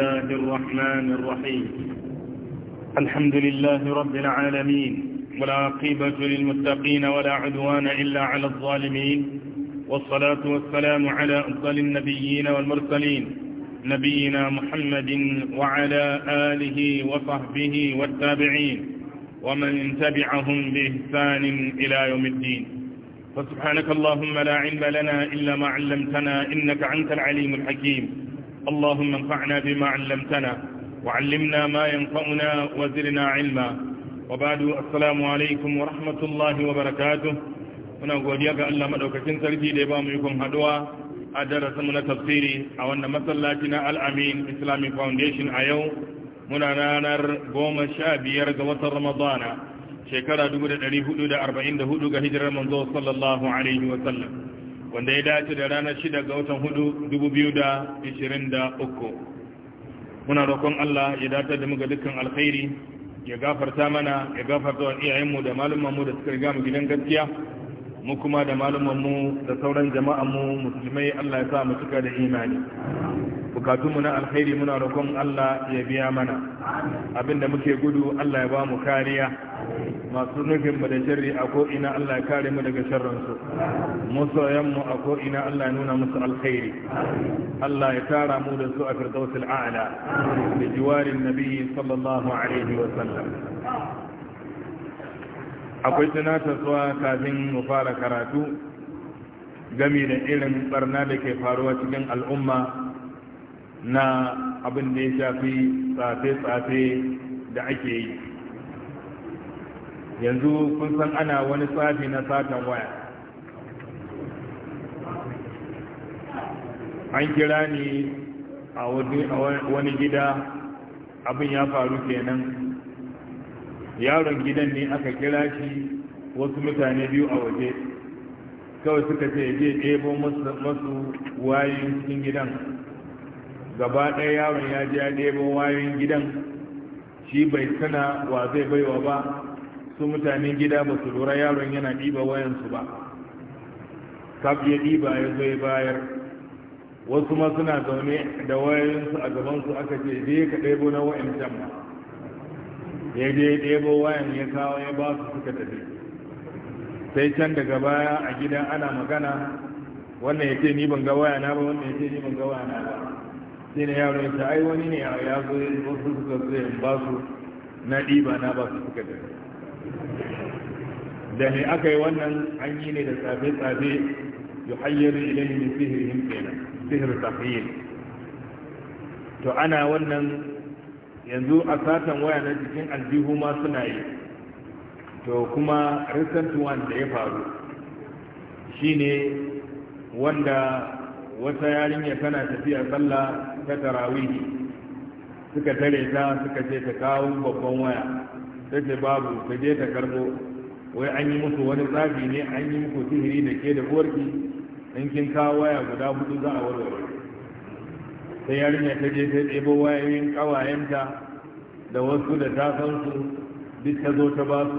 الله الرحمن الرحيم الحمد لله رب العالمين عقيبة للمتقين ولا عدوان إلا على الظالمين والصلاة والسلام على أفضل النبيين والمرسلين نبينا محمد وعلى آله وصحبه والتابعين ومن تبعهم بإحسان إلى يوم الدين فسبحانك اللهم لا علم لنا إلا ما علمتنا إنك أنت العليم الحكيم اللهم انفعنا بما علمتنا وعلمنا ما ينفعنا وزرنا علما وبعد السلام عليكم ورحمة الله وبركاته muna godiya ga Allah madaukakin sarki da ya ba mu ikon haduwa a darasinmu na tafsiri a wannan masallaci na Al-Amin Islamic Foundation a yau muna goma sha biyar ga watan Ramadana shekara 1444 ga hijira manzo sallallahu wa sallam wanda ya dace da ranar shida ga watan hudu dubu biyu da ishirin da uku muna roƙon Allah ya datar da muka dukkan alkhairi ya gafarta mana ya gafarta wa iyayenmu da malumanmu da suka riga mu gidan gaskiya mu kuma da malumanmu da sauran jama'anmu musulmai Allah ya sa mu cika da imani bukatunmu na alkhairi muna roƙon Allah ya biya mana abinda muke gudu Allah ya ba mu kariya masu nufin bada da sharri a ko'ina Allah ya kare mu daga sharransu masoyanmu a ko'ina Allah ya nuna musu alkhairi Allah ya tara mu da su a firdausul a'la da jiwarin nabi sallallahu alaihi wa sallam akwai tunatarwa kafin mu fara karatu gami da irin barna da ke faruwa cikin al'umma na abin da ya shafi tsafe-tsafe da ake yi yanzu kun san ana wani tsafi na satan waya an kira ni a wani gida abin ya faru kenan yaron gidan ne aka kira shi wasu mutane biyu a waje kawai suka ce je ɗebo masu wayoyin cikin gidan gaba ɗaya yaron ya je ya ɗebo wayoyin gidan shi bai sana wa zai baiwa ba su mutanen gida ba su lura yaron yana ɗiba wayansu ba kaf ya ɗiba ya zo ya bayar wasu ma suna zaune da wayoyinsu a gabansu aka ce je ka ɗebo na wa'ancan ba ya je ya ɗebo wayan ya kawo ya ba su suka tafi sai can daga baya a gida ana magana wannan ya ce ni ban ga waya na ba wannan ya ce ni ban ga waya na ba sai na yaro ya ce ai wani ne ya zo su suka zo ba su na ɗiba na ba su suka tafi da mai aka yi wannan an ne da tsafe-tsafe yi hayyar ilimin da sihir tafiye to ana wannan yanzu a satan waya na jikin aljihu ma suna yi to kuma recent one da ya faru shine wanda wata yarinya tana tafiya sallah ta tarawihi suka tare ta suka ce ta kawo babban waya ta babu ka je ta karbo wai an yi musu wani tsafi ne an yi muku sihiri da ke da uwarki in kin kawo waya guda hudu za a warware sai yarinya ta je ta ɗebo wayoyin ƙawayenta da wasu da ta san su duk ta zo ta ba su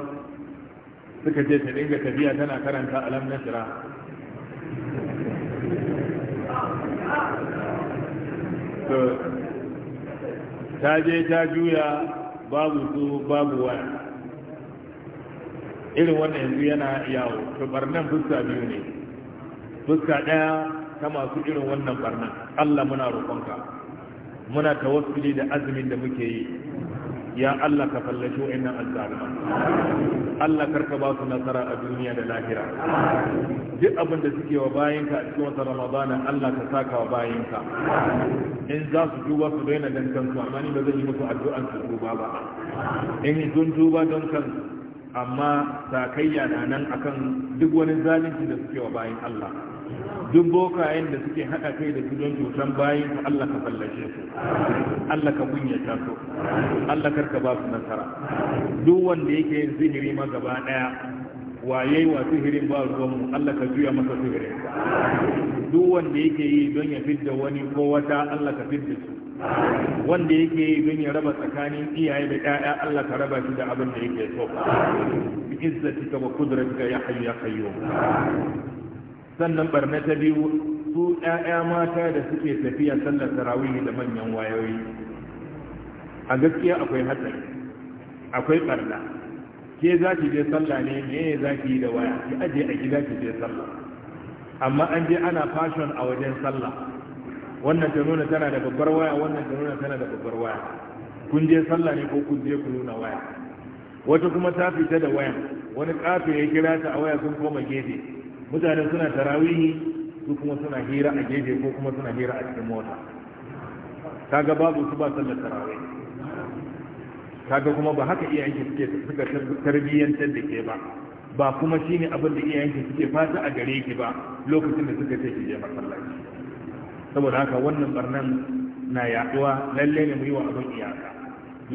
suka ce ta dinga tafiya tana karanta alam na shira ta je ta juya babu su babu waya irin wannan yanzu yana yawo to barnan fuska biyu ne fuska ɗaya ta masu irin wannan barnan Allah muna roƙonka muna tawassuli da azumin da muke yi ya Allah ka fallashi wa'annan azzalima Allah karka ba su nasara a duniya da lahira duk abin da suke wa bayanka a cikin wata ramadana Allah ka saka wa bayanka in za su duba su daina dan kansu amma ni ba zan yi musu addu'an su duba ba in sun duba don kansu amma sakayya na nan akan duk wani zalunci da suke wa bayan Allah duk bokayen da suke haɗa kai da su don cutan bayan su Allah ka fallashe su Allah ka kunyata su Allah karka ba su nasara duk wanda yake yin sihiri ma gaba ɗaya waye wa sihirin ba ruwan mu Allah ka juya masa sihirin duk wanda yake yi don ya fidda wani ko wata Allah ka fidda su wanda yake yi don ya raba tsakanin iyaye da ƴaƴa Allah ka raba shi da abin da yake so bi izzatika wa qudratika ya hayyu ya qayyum sannan barna ta biyu su ƴaƴa mata da suke tafiya sallar tarawih da manyan wayoyi a gaskiya akwai hatsari akwai barna ke za ki je sallah ne me za ki yi da waya ki aje a gida ki je sallah amma an je ana fashion a wajen sallah wannan ta nuna tana da babbar waya wannan ta nuna tana da babbar waya kun je sallah ne ko kun je ku nuna waya wata kuma ta fita da waya wani kafe ya kira ta a waya sun koma gefe mutane suna tarawihi su kuma suna hira a gefe ko kuma suna hira a cikin mota kaga babu su ba sallar tarawih kaga kuma ba haka iyayenki suke suka tarbiyyantar da ke ba ba kuma shine abin da iyayenki suke fata a gare ki ba lokacin da suka ce ki je masallaci saboda haka wannan barnan na yaduwa lalle ne mu yi wa abin iyaka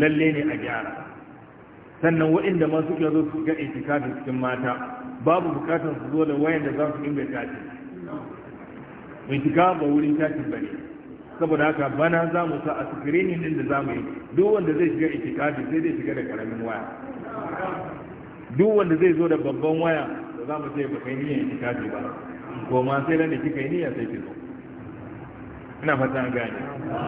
lalle ne a gyara sannan waɗanda masu suke zo su ga itikafi cikin mata babu bukatar su zo da wayan da za su dinga tashi bincika ba wurin ba ne. saboda haka bana za mu sa a sikirinin din da za mu yi duk wanda zai shiga itikafi sai zai shiga da karamin waya duk wanda zai zo da babban waya da za mu ce ba kai niyyar itikafi ba ko ma sai da niki kai niyya sai ki zo ina fata gane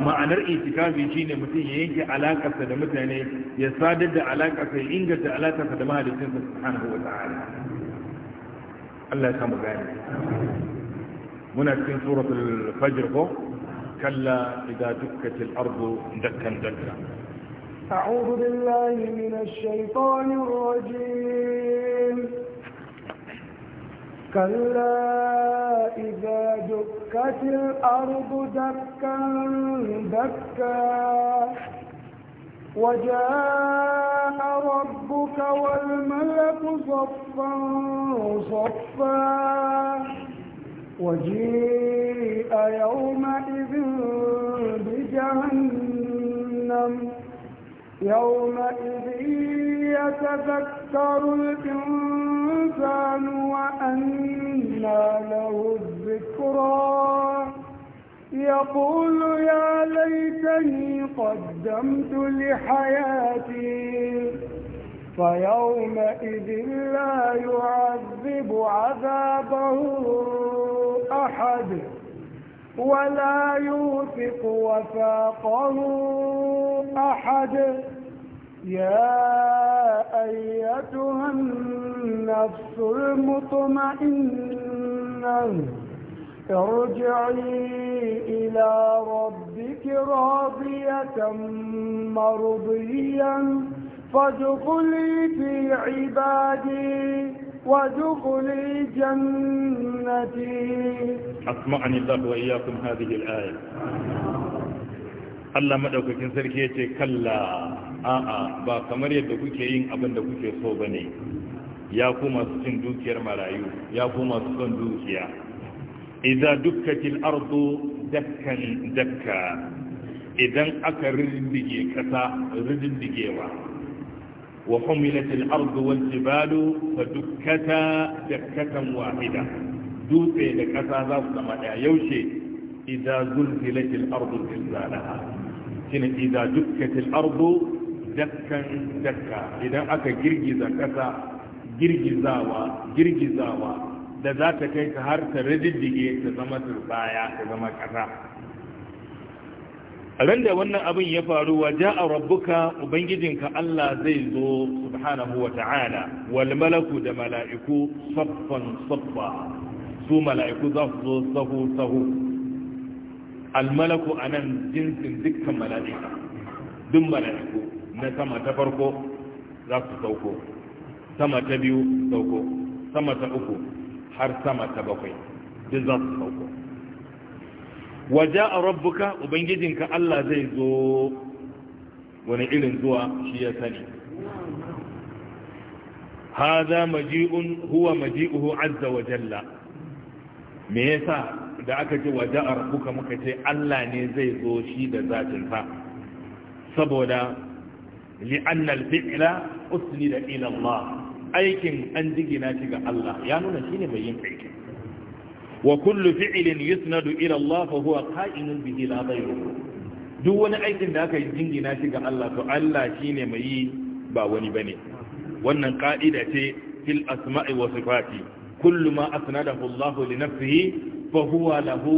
ma'anar itikafi shine mutum ya yanke alakarsa da mutane ya sadar da alakarsa ya inganta alakarsa da mahaliccinsa subhanahu wa ta'ala الله يتهمه بعلمه هنا في سورة الفجر كلا إذا دكت الأرض دكا دكا أعوذ بالله من الشيطان الرجيم كلا إذا دكت الأرض دكا دكا وجاء ربك والمال صفا صفا وجيء يومئذ بجهنم يومئذ يتذكر الإنسان وأنى له الذكرى يقول يا ليتني قدمت لحياتي فيومئذ لا يعذب عذابه أحد ولا يوثق وثاقه أحد يا أيتها النفس المطمئنة ارجعي إلى ربك راضية مرضية فادخلي في عبادي وادخلي جنتي أسمعني الله وإياكم هذه الآية Allah maɗaukakin sarki ya ce kalla a'a ba kamar yadda kuke yin abin da kuke so ba ne ya ku masu cin dukiyar marayu ya ku masu son dukiya idza dukkatil ardu dakkan dakka idan aka rindige kasa rindigewa وحملت الأرض والجبال فدكتا دكة واحدة دوتي دكتا ذات سماء يوشي إذا زلزلت الأرض زلزالها شنو إذا دكت الأرض دكا دكا إذا أكا جرجزا كتا جرجزاوا جرجزاوا da za ta kai ta har ta rididdige ta zama turbaya ta zama kasa ran da wannan abin ya faru wa a rabbuka ubangijinka Allah zai zo subhanahu wa ta'ala wal malaku da mala'iku saffan saffa su mala'iku za su zo sahu sahu al malaku nan, jinsin dukkan mala'ika duk mala'iku na sama ta farko za su sauko sama ta biyu sauko sama ta uku har sama ta bakwai duk za su sauko waje a rabbuka ubangijinka Allah zai zo wani irin zuwa shi ya sani haza maji'un huwa maji'uhu azza wa jalla me yasa da aka ce waje a rabbuka muka ce Allah ne zai zo shi da zatinsa saboda li'annal fi'la usnida ila Allah aikin an jigina shi ga Allah ya nuna shine mai yin aikin wa kullu fi'lin yusnadu ila Allah fa huwa qa'inun bihi la ghayruhu duk wani aikin da aka yi jingina shi ga Allah to Allah shine mai yi ba wani bane wannan ka'ida ce fil asma'i wa sifati kullu ma asnadahu Allah li nafsihi fa huwa lahu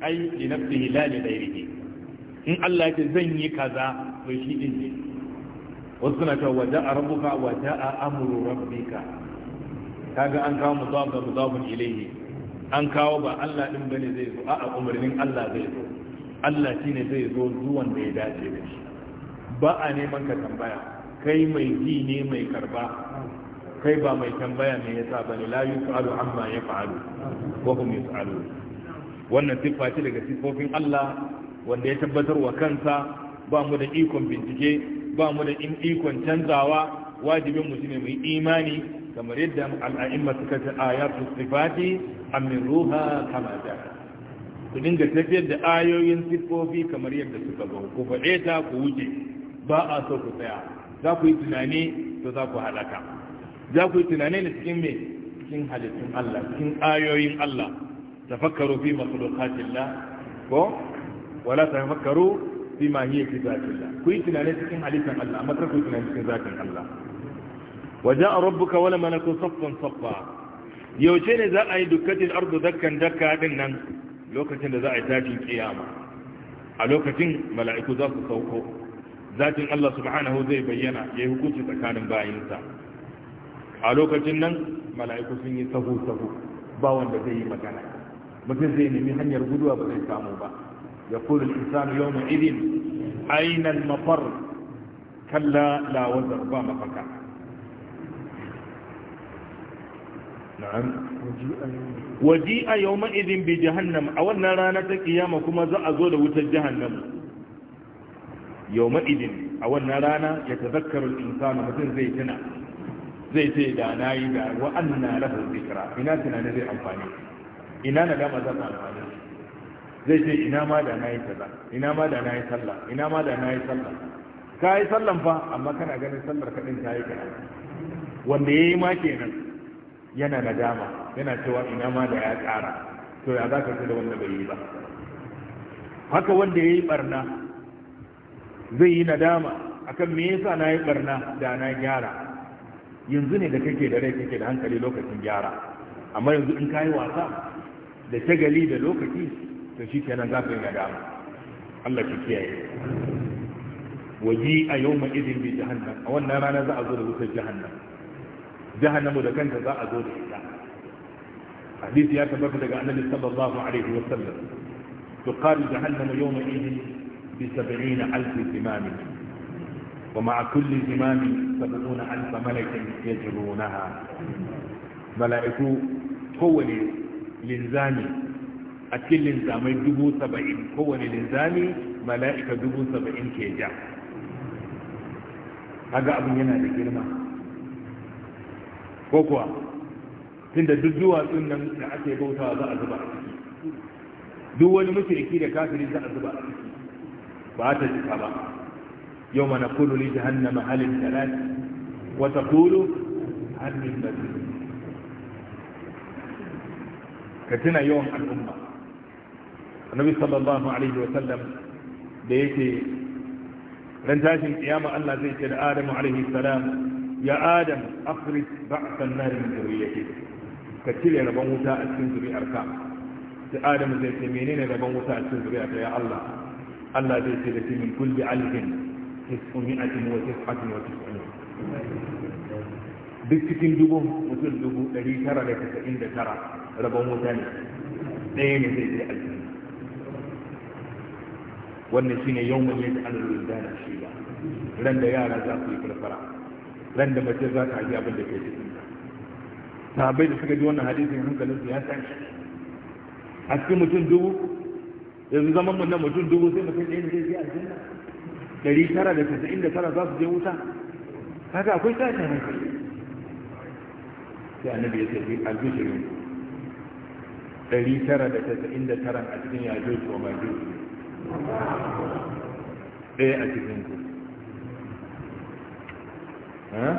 ay li nafsihi la li ghayrihi in Allah ya ce zan yi kaza to shi din ne wasu suna cewa wa ja'a rabbuka wa ja'a amru rabbika kaga an kawo mudaf da mudafun ilayhi an kawo ba Allah din bane zai zo a'a umarnin Allah zai zo Allah shine zai zo zuwan da ya dace da shi ba a neman ka tambaya kai mai ji ne mai karba kai ba mai tambaya me yasa bane la yusalu amma yaf'alu wa hum yusalu wannan siffa daga siffofin Allah wanda ya tabbatar wa kansa ba mu da ikon bincike ba mu da ikon canzawa wajibin mu shine mu imani kamar yadda al'a'imma suka ce ayatu sifati amiruha kama jara ku dinga tafiyar da ayoyin siffofi kamar yadda suka zo ku faɗe ta ku wuce ba a so ku tsaya za ku yi tunani to za ku halaka za ku yi tunani da cikin me cikin halittun Allah cikin ayoyin Allah tafakkaru fi makhluqatillah ko wala tafakkaru fi ma hiya fi zatillah ku yi tunani cikin halittun Allah amma kar ku yi tunani cikin zatin Allah waja'a rabbuka wala malaku saffan saffa yauce ne za a yi dukkatin ardu zakkan dakka din nan lokacin da za a yi tashin kiyama a lokacin mala'iku za su sauko zatin Allah subhanahu zai bayyana ya yi hukunci tsakanin bayinsa a lokacin nan mala'iku sun yi sahu sahu ba wanda zai yi magana mutum zai nemi hanyar guduwa ba zai samu ba ya kuri insanu yau idin ainihin mafar kalla la wazar ba mafaka waji a yau ma'izin bi jahannam a wannan rana ta kiyama kuma za a zo da wutar jahannam yau ma'izin a wannan rana ya ta zakarar insana mutum zai tuna zai ce da na yi da wa'an na lafa zikira ina tunanin zai amfani ina na dama za ta amfani zai ce ina ma da na yi ina ma da na sallah ina ma da na yi sallah ka yi sallan fa amma kana ganin sallar kaɗin ta yi kaɗan wanda ya yi ma kenan yana nadama yana cewa ina ma da ya tsara to ya za ka ce da wanda bai yi ba haka wanda ya yi barna zai yi nadama akan me yasa na yi barna da na gyara yanzu ne da kake da rai kake da hankali lokacin gyara amma yanzu in ka yi wasa da shagali da lokaci to shi kenan za ka yi nadama Allah ki kiyaye waji a yau ma izin bi jahannam a wannan rana za a zo da wutar jahannan. jahannamu da kanta za a zo da ita hadisi ya tabbata daga annabi sallallahu alaihi wa sallam tuqalu jahannamu yawma idin bi 70 alf zimam wa ma'a kulli zimam 70 alf malakin yajrunaha mala'iku kowane linzami a cikin linzamai dubu saba'in kowane linzami mala'ika dubu saba'in ke ja kaga abin yana da girma ko kuwa tunda duk duwatsun nan da ake bautawa za a zuba a duk wani mushriki da kafiri za a zuba a ba ta cika ba yau mana Kudu li jahannama halin talat wa taqulu halin min mazid ka tuna yawan al'umma annabi sallallahu alaihi wa sallam da yake ran tashin kiyama Allah zai ce da Adamu alaihi salam يا آدم أخرج بعث النار من ذريته كتير يا رب موتى السنزري أركان يا آدم زي تمينين يا رب موتى السنزري أركان يا الله الله زي سيدتي من كل علف تسعمائة وتسعة وتسعين بسكين دبو وتل دبو الذي ترى لك فإن ترى رب موتى نين نعم. نعم زي تي ألفين وأن يوم الذي يجعل الولدان الشيبة لن يارى ذاته في الفرح ran da mace za ta haji abin da ke cikin sahabbai da suka ji wannan hadisin hankalin su ya tashi a cikin mutum dubu yanzu zaman mun na mutum dubu sai mutum ɗaya ne zai je aljanna ɗari tara da tasa'in da tara za su je wuta kaga akwai tashin hankali sai annabi ya tafi albishirin ɗari tara da tasa'in da tara a cikin yajo ko majo ɗaya a cikin ku Eh?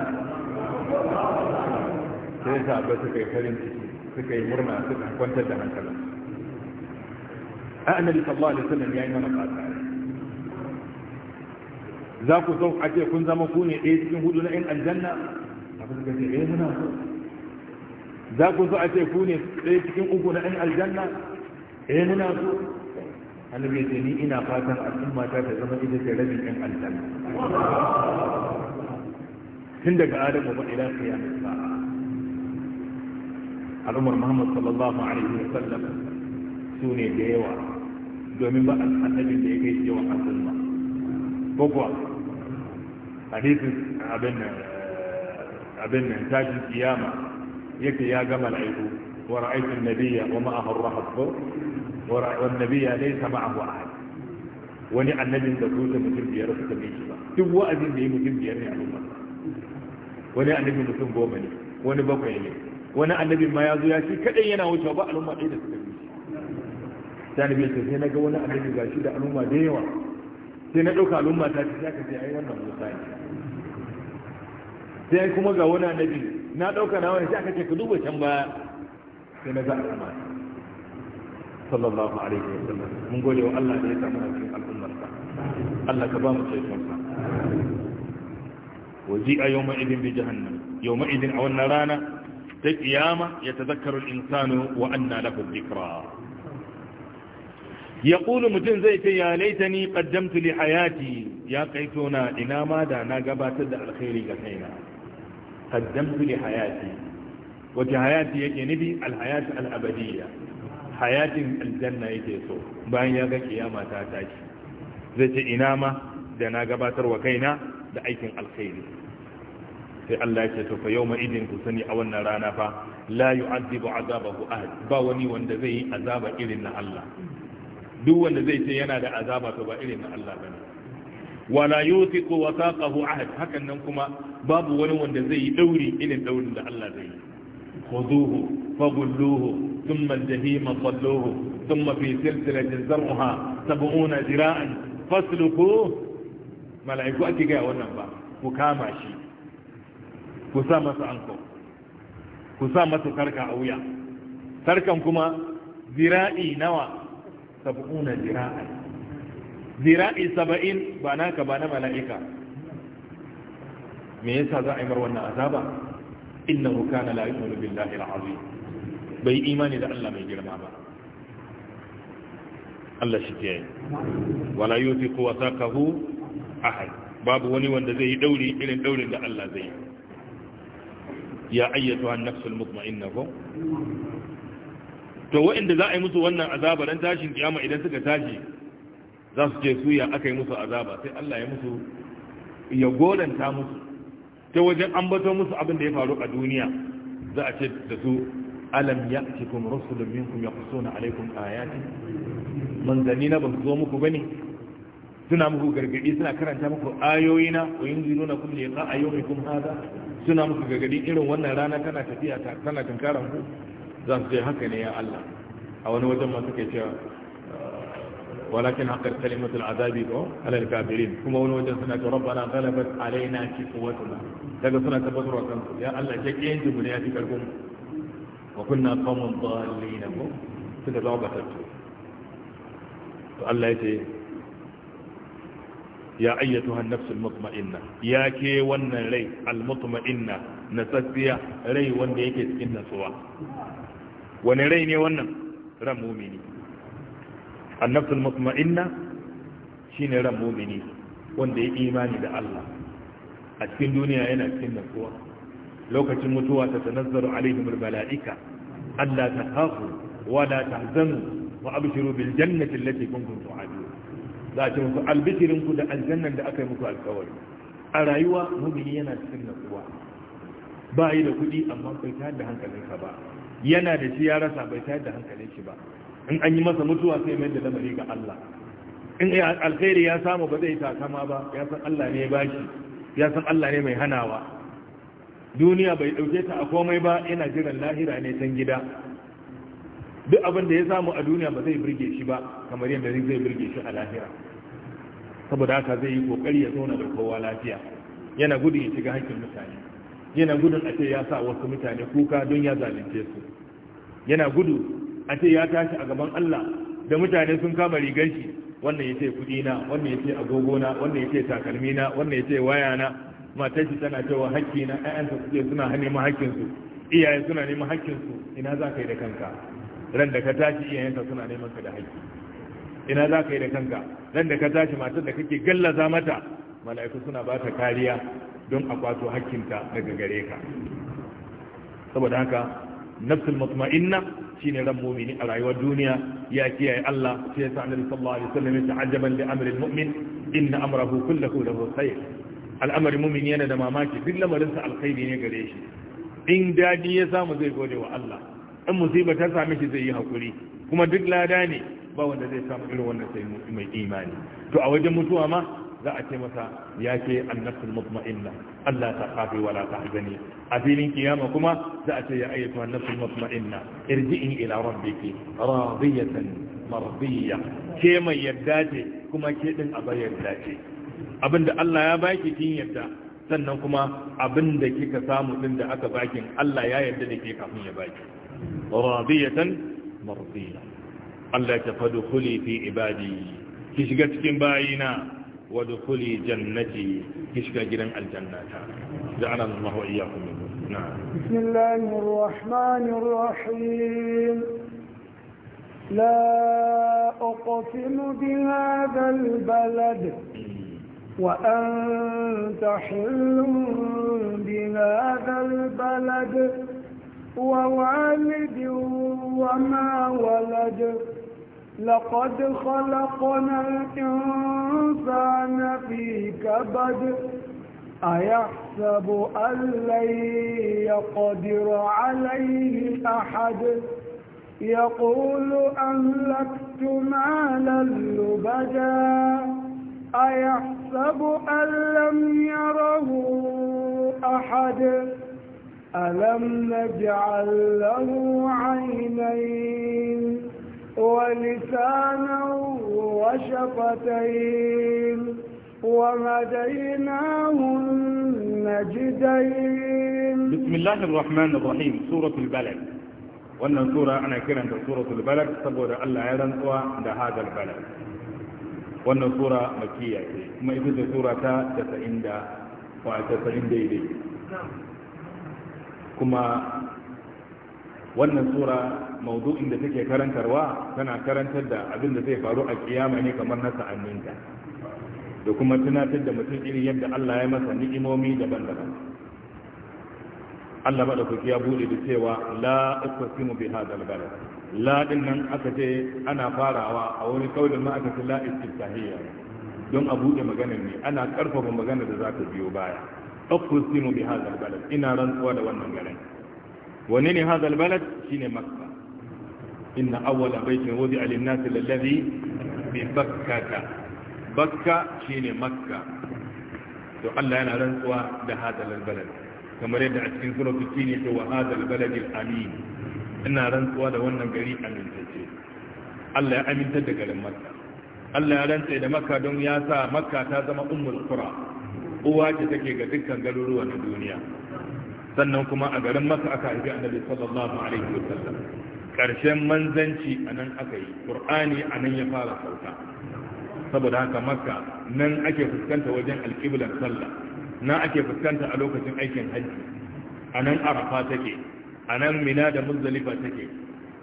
sai sa suka yi farin ciki suka yi murna suka kwantar da hankali annabi sallallahu alaihi wasallam yi mana fata za ku zo a ce kun zama ku ne ɗaya cikin hudu na ƴan aljanna a da ce ɗaya eh, muna so za ku zo a ce ku ne ɗaya cikin uku na ƴan aljanna ɗaya eh, muna so annabi ya ce ni ina fatan al'umma ta ta zama ita ce rabin ƴan aljanna tun daga adamu ba ila kiyama ba al'ummar muhammad sallallahu alaihi wa sallam su ne da yawa domin ba annabin da ya kai yawan al'umma ko kuwa hadisin abin nan abin nan tashin kiyama yake ya gama al'aiku wa ra'aytu an-nabiyya wa ma'ahu ar-rahab wa an-nabiyya laysa ma'ahu ahad wani annabin da zuwa mutum biyar suka bi shi ba duk wa'azin da ya mutum biyar ne a al'umma wani annabi mutum goma ne wani bakwai ne wani annabi ma ya zo ya ce kadai yana wucewa ba al'umma ɗaya da suka wuce sai annabi ya sai na ga wani annabi ga shi da al'umma da yawa sai na ɗauka al'umma ta ce ka ce ai wannan musa ne sai kuma ga wani annabi na ɗauka na wani sai aka ce ka duba can baya sai na ga al'umma sallallahu alaihi wa sallam mun gode wa Allah da ya samu a cikin al'ummarsa Allah ka ba mu ceton sa waji a yau idin bi jahannam yau idin a wannan rana ta kiyama ya tazakkaru insanu wa anna lahu dhikra yaqulu mutum zai ce ya ni qaddamtu li hayati ya kaito na ina ma da na gabatar da alkhairi ga kaina qaddamtu li hayati wata hayati yake nufi alhayati al'abadiyya hayatin aljanna yake so bayan ya ga kiyama ta tashi zai ce ina ma da na gabatar wa kaina da aikin alkhairi sai Allah ya ce to fa yawma idin ku sani a wannan rana fa la yu'adhibu azabahu ahad ba wani wanda zai yi azaba irin na Allah duk wanda zai ce yana da azaba to ba irin na Allah bane wala yuthiqu wasaqahu ahad hakan nan kuma babu wani wanda zai yi dauri irin daurin da Allah zai yi khuduhu faghulluhu thumma al-jahima salluhu thumma fi silsilatin 70 mala'iku ake gaya wannan ba ku kama shi ku sa masa anko ku sa masa sarka a wuya sarkan kuma zira'i nawa sab'una zira'i zira'i saba'in ba naka ba na mala'ika me yasa za a yi mar wannan azaba innahu kana la yu'minu billahi al-azim bai imani da Allah mai girma ba Allah shi ke wala yuti kuwa sakahu ahad babu wani wanda zai yi dauri irin daurin da Allah zai yi ya ayyatu an nafsul mutma'inna ko to waɗanda za a yi musu wannan azaba dan tashin kiyama idan suka tashi za su ce su ya aka yi musu azaba sai Allah ya musu ya godanta musu ta wajen ambato musu abin da ya faru a duniya za a ce da su alam ya'tikum rusulun minkum yaqusuna alaykum ayati manzanni na ban zo muku bane suna muku gargadi suna karanta muku ayoyina na yin zino na kuma liƙa a yomi kuma haza suna muku gargadi irin wannan rana tana tafiya tana tunkara ku za su ce haka ne ya Allah a wani wajen masu ke cewa uh, walakin haƙar kalimatul azabi ko alal kafirin kuma wani wajen suna ce rabbana ghalabat alaina kifuwatuna daga suna tabbatarwa kansu ya Allah ke kiyan jibu ne ya fi karfin wa kunna qawmun dhalin ko suka zama ta to Allah ya ce ya ayyatu hannafsul mutma'inna ya ke wannan rai almutma'inna na tsatsiya rai wanda yake cikin nasuwa wani rai ne wannan ran mumini annafsul mutma'inna shine ran mumini wanda ya imani da Allah a cikin duniya yana cikin nasuwa lokacin mutuwa ta tanazzaru alaihim almala'ika Allah ta khafu wa la tahzanu wa abshiru bil jannati allati kuntum tu'adun za a ce muku albikirinku da aljannan da aka yi muku alkawari a rayuwa mumini yana cikin natsuwa ba yi da kuɗi amma bai tayar da ka ba yana da shi ya rasa bai tayar da hankalin shi ba in an yi masa mutuwa sai mai da lamari ga Allah in alkhairi ya samu ba zai takama ba ya san Allah ne ba shi ya san Allah ne mai hanawa duniya bai ɗauke ta a komai ba yana jiran lahira ne tan gida duk abin da ya samu a duniya ba zai birge shi ba kamar yadda zai birge shi a lahira saboda haka zai yi kokari ya zauna da kowa lafiya yana gudun ya shiga hakkin mutane yana gudun a ce ya sa wasu mutane kuka don ya zalunce su yana gudu a ce ya tashi a gaban Allah da mutane sun kama rigar shi wannan yace kudi na wannan yace agogo na wannan yace takalmi na wannan yace waya na matar shi tana cewa hakki na ayyansa suke suna neman hakkin iyaye suna neman hakkin su ina za ka yi da kanka ran da ka tashi iyayenka suna neman ka da haƙƙi ina za ka yi da kanka ran da ka tashi matar da kake gallaza mata mala'iku suna ba ta kariya don a kwato hakkinta daga gare ka saboda haka nafsul mutma'inna shine ran mu'mini a rayuwar duniya ya kiyaye Allah sai ya sa annabi sallallahu alaihi wasallam ya ta'ajjaban li mumin inna amrahu kulluhu lahu khair al'amari mu'min yana da mamaki duk lamarin sa alkhairi ne gare shi in dadi ya samu zai gode wa Allah in musiba ta same shi zai yi hakuri kuma duk lada ne ba wanda zai samu irin wannan sai mai imani to a wajen mutuwa ma za a ce masa ya ce annasul mutma'inna Allah ta khafi wala tahzani a filin kiyama kuma za a ce ya ayyatu annasul mutma'inna irji'i ila rabbiki radiyatan mardiyya ke mai yadda ce kuma ke din a bayar ce abinda Allah ya baki kin yadda sannan kuma abinda kika samu din da aka bakin Allah ya yadda da ke kafin ya baki راضية مرضية ألا فدخلي في عبادي كشغت باينا وادخلي جنتي كشك جرم الجنات جعلنا الله وإياكم منه نعم بسم الله الرحمن الرحيم لا أقسم بهذا البلد وأنت حلم بهذا البلد ووالد وما ولد لقد خلقنا الإنسان في كبد أيحسب أن لن يقدر عليه أحد يقول أهلكت مالا لبدا أيحسب أن لم يره أحد ألم نجعل له عينين ولسانا وشفتين وهديناه النجدين بسم الله الرحمن الرحيم سورة البلد وأن سورة أنا كرنت سورة البلد سبور الله عند هذا البلد وأن سورة مكية ما إذا سورة تسعين دا وتسعين ديدي نعم kuma wannan sura maudu'in da take karantarwa tana karantar da abin da zai faru a kiyama ne kamar na sa'anninta da kuma tunatar da mutum irin yadda Allah ya masa ni'imomi daban-daban Allah madaukaki ya bude da cewa la uqsimu bi hadal balad la din nan aka ce ana farawa a wani kaulin ma aka ce la istiftahiyya don a buɗe maganar ne ana karfafa maganar da za ta biyo baya أقسم بهذا البلد إنا رنسوا لونا غرين ونين هذا البلد شين مكة إن أول بيت وضع للناس الذي ببكة بكة شين مكة تقال لنا رنسوا لهذا البلد كما رد عسكين سورة التين هو هذا البلد الأمين إنا رنسوا لونا غرين أمين تجي الله أمين تدقى لمكة Allah ya rantse da Makka don ya sa Makka ta zama ummul qura uwa ce take ga dukkan garuruwa na duniya sannan kuma a garin maka aka haifi annabi sallallahu alaihi wa sallam karshen manzanci a nan aka yi qur'ani a nan ya fara sauka saboda haka maka nan ake fuskanta wajen alƙiblar sallah nan ake fuskanta a lokacin aikin hajji a nan arafa take a nan mina da muzdalifa take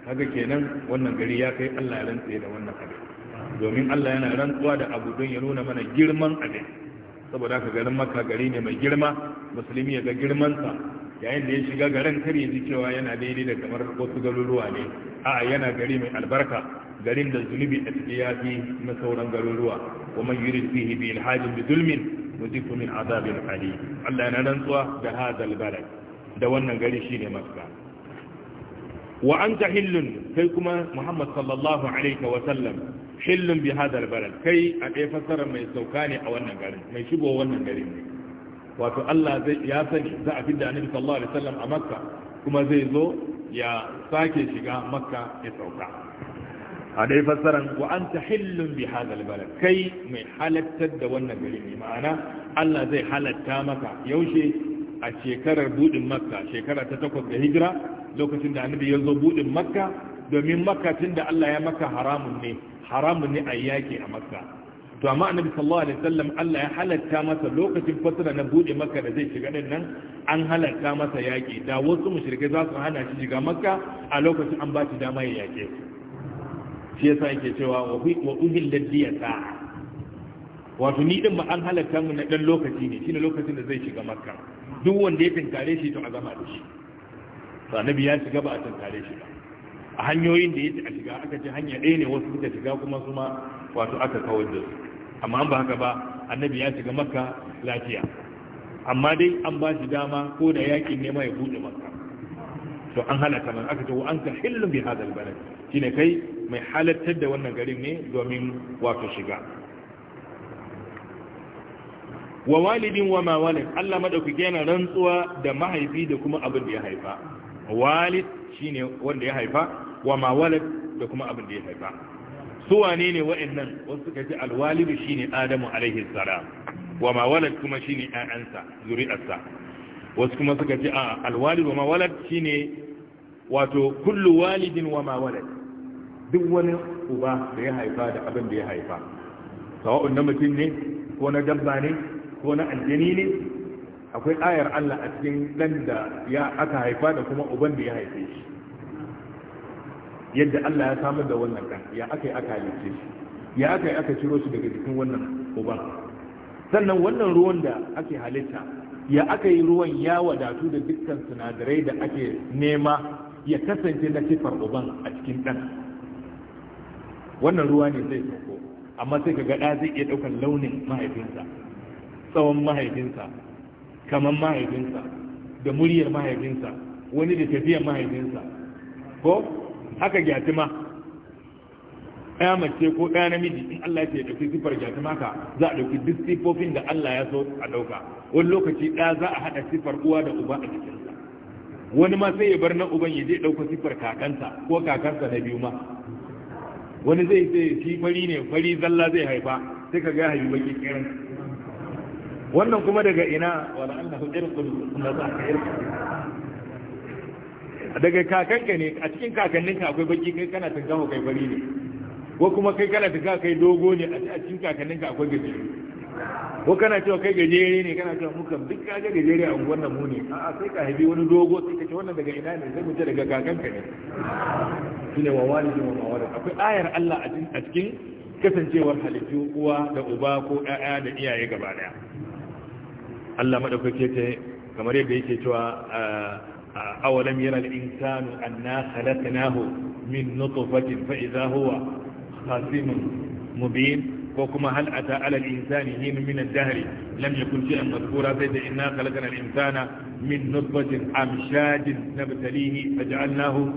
haka kenan wannan gari ya kai allah ya rantse da wannan abin domin allah yana rantsuwa da abu don ya nuna mana girman abin saboda haka garin maka gari ne mai girma musulmi ya ga girmansa yayin da ya shiga garin kar yaji cewa yana daidai da kamar wasu garuruwa ne a'a yana gari mai albarka garin da zunubi a cikin ya fi na sauran garuruwa wa man yurid fihi bi ilhadin bi zulmin nuzifu min azabin ali Allah yana rantsuwa da hadal balad da wannan gari shine maka wa anta hillun kai kuma muhammad sallallahu alaihi wa sallam hillun bi hadar kai a ɗaya fassara mai sauka ne a wannan garin mai shigo wannan garin ne wato Allah zai ya sani za a fidda annabi sallallahu alaihi wasallam a makka kuma zai zo ya sake shiga makka ya sauka a dai fassaran wa anta hillun bi hadal balad kai mai halattar da wannan gari ne ma'ana Allah zai halatta maka yaushe a shekarar budin makka shekara ta takwas da hijira lokacin da annabi ya zo budin makka domin makka tunda Allah ya maka haramun ne haramun ne a yaƙi a makka to amma annabi sallallahu alaihi wasallam Allah ya halatta masa lokacin fasara na bude makka da zai shiga din nan an halatta masa yaƙi da wasu mushrike za su hana shi shiga makka a lokacin an ba shi dama ya yake shi yasa yake cewa wa uhil liya sa'a wato ni din ba an halatta mu na dan lokaci ne shine lokacin da zai shiga makka duk wanda ya tinkare shi to a da shi to annabi ya shiga ba a tinkare shi ba a hanyoyin da yake a shiga aka ce hanya ɗaya ne wasu suka shiga kuma su ma wato aka kawar da su amma an ba haka ba annabi ya shiga makka lafiya amma dai an ba shi dama ko da yakin nema ya buɗe makka to an halaka nan aka ce wa an ka hillun bi hadal balad shine kai mai halartar da wannan garin ne domin wato shiga wa walidin wa ma walid Allah madaukake yana rantsuwa da mahaifi da kuma abin da ya haifa walid shine wanda ya haifa wa ma da kuma abin da ya haifa su wane ne wa'annan wasu suka ce alwalidu shine adamu alaihi salam wa ma kuma shine ƴaƴansa zuri'arsa wasu kuma suka ce a alwalid wa ma shine wato kullu walidin wa ma duk wani uba da ya haifa da abin da ya haifa sawa'un na mutum ne ko na dabba ne ko na aljani ne akwai ayar Allah a cikin dan da ya aka haifa da kuma uban da ya haife shi yadda Allah ya samar da wannan kan, ya aka yi aka halice shi ya aka yi aka ciro shi daga jikin wannan uban sannan wannan ruwan da ake halitta ya aka yi ruwan ya wadatu da dukkan sinadarai da ake nema ya kasance na sifar uban a cikin ɗan wannan ruwa ne zai sauko amma sai ka gaɗa zai iya ɗaukar launin mahaifinsa tsawon mahaifinsa kaman mahaifinsa da muryar mahaifinsa wani da tafiyar mahaifinsa ko haka gyatima ɗaya mace ko ɗaya namiji in Allah ya ɗauki siffar gyatima ka za a ɗauki duk siffofin da Allah ya so a ɗauka wani lokaci ɗaya za a haɗa siffar uwa da uba a cikinsa wani ma sai ya bar na uban ya je ɗauka siffar kakansa ko kakansa na biyu ma wani zai sai shi fari ne fari zalla zai haifa sai ka ga haifi baki kiran wannan kuma daga ina wala Allah ku irqul nazaka irqul daga kakanka ne a cikin kakanninka akwai baki kai kana tunkawa kai bari ne ko kuma kai kana tunkawa kai dogo ne a cikin kakanninka akwai gaji ko kana cewa kai gajere ne kana cewa muka duk ka ga gajere a unguwar mu ne a'a sai ka haifi wani dogo sai ka ce wannan daga ina ne sai mu ce daga kakanka ne shine wa walidi wa mawalid akwai ayar Allah a cikin kasancewar halittu uwa da uba ko ƴaƴa da iyaye gaba daya Allah madaukake ta kamar yadda yake cewa ah, أولم يرى الإنسان أنا خلقناه من نطفة فإذا هو خاسم مبين وكما هل أتى على الإنسان حين من الدهر لم يكن شيئا مذكورا فإذا إنا خلقنا الإنسان من نطفة أمشاج نبتليه فجعلناه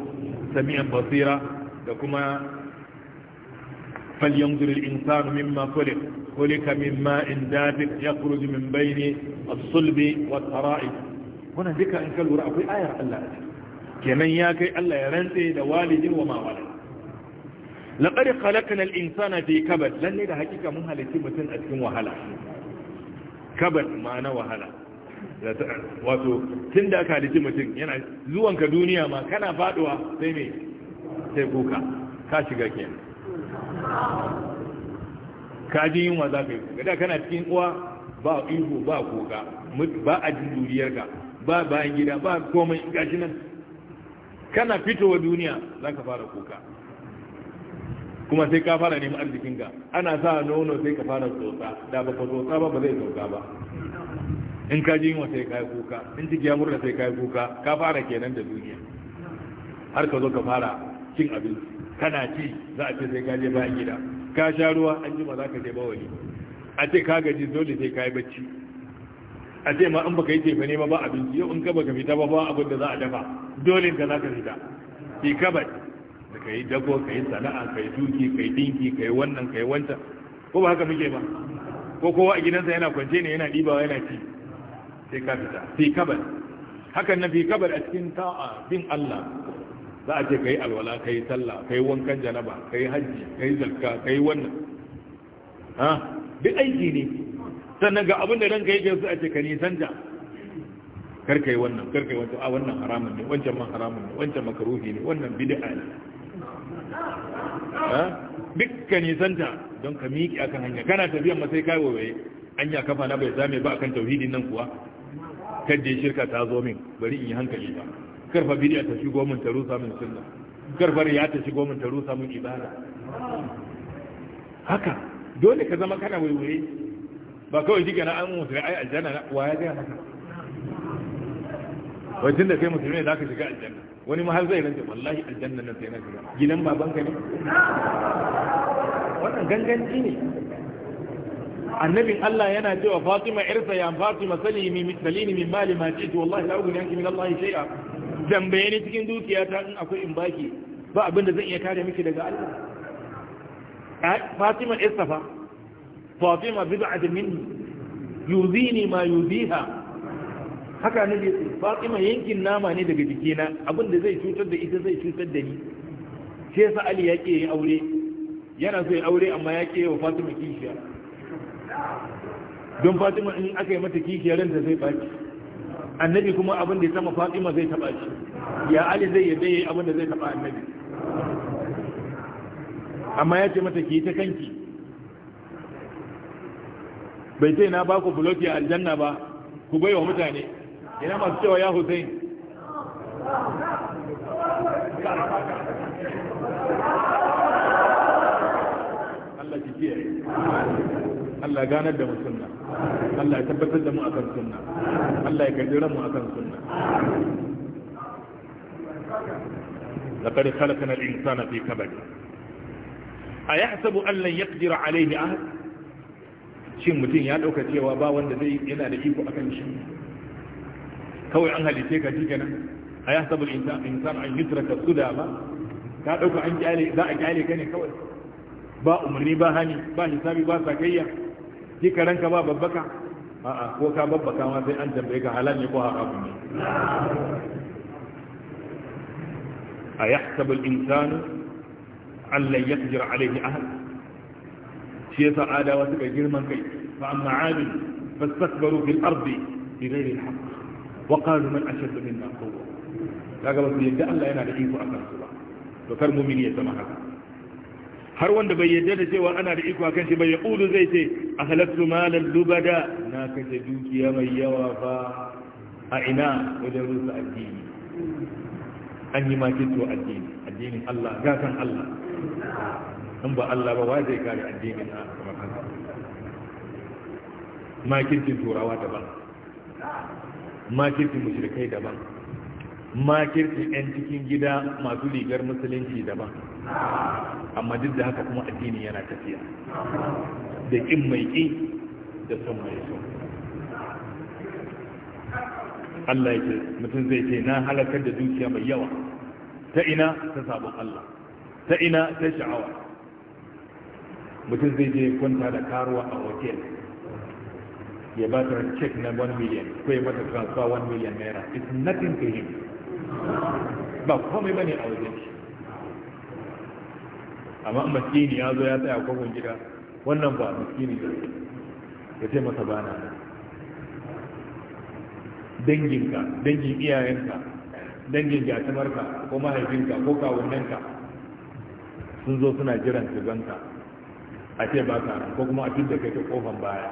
سميعا بصيرا وكما فلينظر الإنسان مما خلق خلق من ماء دافئ يخرج من بين الصلب والترائب wannan duka in ka lura akwai ayar Allah kenan ya kai Allah ya rantse da walidin wa ma walid laqad khalaqna al-insana fi kabad lalle da hakika mun halitti mutum a cikin wahala kabad ma'ana wahala wato tun da aka halitti mutum yana zuwanka duniya ma kana faduwa sai me sai kuka ka shiga kenan ka ji yunwa za ka yi kuka da kana cikin uwa ba ihu ba kuka ba a jin duriyarka ba bayan gida ba komai gashi nan kana fitowa duniya za ka fara kuka kuma sai ka fara neman arzikinka ana sa nono sai ka fara tsotsa da ba ka tsotsa ba ba zai sauka ba in ka ji yunwa sai ka yi kuka in ciki ya murna sai ka yi kuka ka fara kenan da duniya har ka zo ka fara cin abinci kana ci za a ce sai ka je bayan gida ka sha ruwa an ba za ka je bawali a ce ka gaji dole sai ka yi bacci a ce ma an baka yi tefe nema ba abinci yau in kaba ka fita ba ba abin da za a dafa dole ka za ka fita ki kaba da ka yi dago ka yi sana'a ka yi duki ka yi dinki ka yi wannan ka yi wancan ko ba haka muke ba ko kowa a gidansa yana kwance ne yana ɗibawa yana ci sai ka fita fi kabar hakan na fi kabar a cikin ta'a bin Allah za a ce ka yi alwala ka yi sallah ka yi wankan janaba ka yi hajji ka yi zakka ka yi wannan ha duk aiki ne sannan ga abin da ranka yake su a ce ka nisan ta karka yi wannan karka yi wancan a wannan haramun ne wancan man haramun ne wancan makarufi ne wannan bid'a ne duk ka nisan ta don ka miƙi akan hanya kana tafiyan masai kai an anya kafa na bai zame ba akan tauhidin nan kuwa kaje shirka ta zo min bari in yi hankali ba karfa bid'a ta shigo min ta rusa min sunna karfa riya ta shigo min ta rusa min ibada haka dole ka zama kana waiwaye ba kawai jike na an musulmi ai aljanna na wa ya gaya maka wajen da kai musulmi za ka shiga aljanna wani ma har zai rance wallahi aljanna nan sai na shiga gidan babanka ne wannan ganganci ne annabin Allah yana cewa Fatima irsa ya Fatima salimi misalini min mali ma ce wallahi la ughni anki min Allah shay'a dambaye ne cikin dukiyata, in akwai in baki ba abinda zan iya kare miki daga Allah Fatima irsa fatima bid'at minni yuzini ma yuziha haka ne ce fatima yankin nama ne daga jikina abin da zai cutar da ita zai cutar da ni sai yasa ali ya ke yin aure yana so ya aure amma ya ke wa fatima kishiya don fatima in aka yi mata kishiya ranta zai baki. annabi kuma abin da ya sama fatima zai taba shi ya ali zai yadda ya abin da zai taba annabi amma ya ce mata ki ta kanki bai ce na baku buloki a aljanna ba ku bai mutane ina masu cewa ya hussein Allah ki kiyaye Allah ganar da mu Allah ya tabbatar da mu a kan sunna Allah ya kaddara mu a kan sunna لقد خلقنا الإنسان في كبد أيحسب أن لن يقدر عليه أحد shin mutum ya ɗauka cewa ba wanda zai yana da iko akan shi kawai an halice ka shikenan a ya sabu insan an yutraka suda ba ka ɗauka an kyale za a kyale ka ne kawai ba umarni ba hani ba hisabi ba sakayya ji karanka ba babbaka a'a ko ka babbaka ma sai an tambaye ka halal ne ko haramun ne a yahsabu al-insanu an lan yaqdir alayhi ahad shi yasa adawa suka girman kai fa amma adin fastakbaru fil ardi bi ghairi al-haqq wa qalu man ashaddu minna quwwa kaga ba su yadda Allah yana da iko akan su ba to kar mu'mini ya zama haka har wanda bai yadda da cewa ana da iko akan shi bai ya ƙudu zai ce a malal malar zubada na kashe dukiya mai yawa fa a ina wajen rusa addini an yi makinto addini addinin Allah gatan Allah in ba Allah ba wa zai kare addinin a kamar haka makircin turawa daban makircin mushrikai daban makircin 'yan cikin gida masu rigar musulunci daban amma duk da haka kuma addini yana tafiya da kin mai ƙi da son mai so. Allah ya ce mutum zai ce na halakar da dukiya mai yawa ta ina ta sabon Allah ta ina ta sha'awa mutum zai je kwanta da karuwa a hotel ya ba ta cek na 1 million ko ya mata transfer 1 million naira it's nothing to him ba komai bane a wajen shi amma maskini ya zo ya tsaya kogon gida wannan ba maskini da ya ce masa bana danginka dangin iyayenka dangin jatumarka ko mahaifinka ko kawunanka sun zo suna jiran su ganka a ce ba ka ko kuma a fidda kai ta kofan baya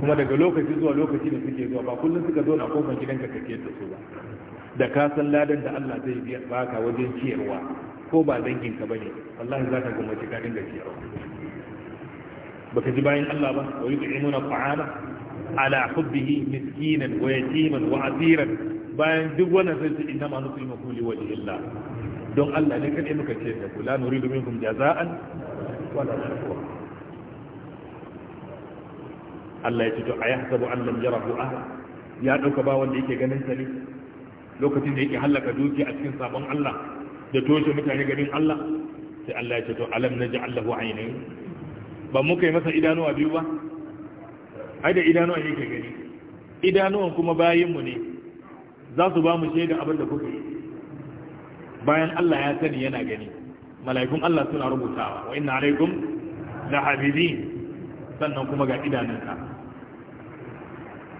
kuma daga lokaci zuwa lokaci da suke zuwa ba kullum suka zo na kofan gidanka ka ke da su ba da ka san ladan da Allah zai biya baka wajen ciyarwa ko ba dangin ka bane wallahi za ka gwamnati ka dinga ciyarwa baka ji bayan Allah ba wa yut'imuna ta'ama ala hubbihi miskinan wa yatiman wa asiran bayan duk wannan sai su inna ma nusimu kulli wajhi Allah don Allah ne kadai muka ce da kula domin minkum jaza'an wala shukura Allah ya ce to ayahsabu an lam yarahu ahad ya ɗauka ba wanda yake ganin sa ne lokacin da yake halaka dukiya a cikin sabon Allah da toshe mutane garin Allah sai Allah ya ce to alam naj'al lahu aynayn ba muka yi masa idanuwa biyu ba ai da idanuwa yake gani idanuwan kuma bayin mu ne za su ba mu shaida abin da kuka yi bayan Allah ya sani yana gani mala'ikun Allah suna rubutawa wa inna alaikum la habibin sannan kuma ga idanunka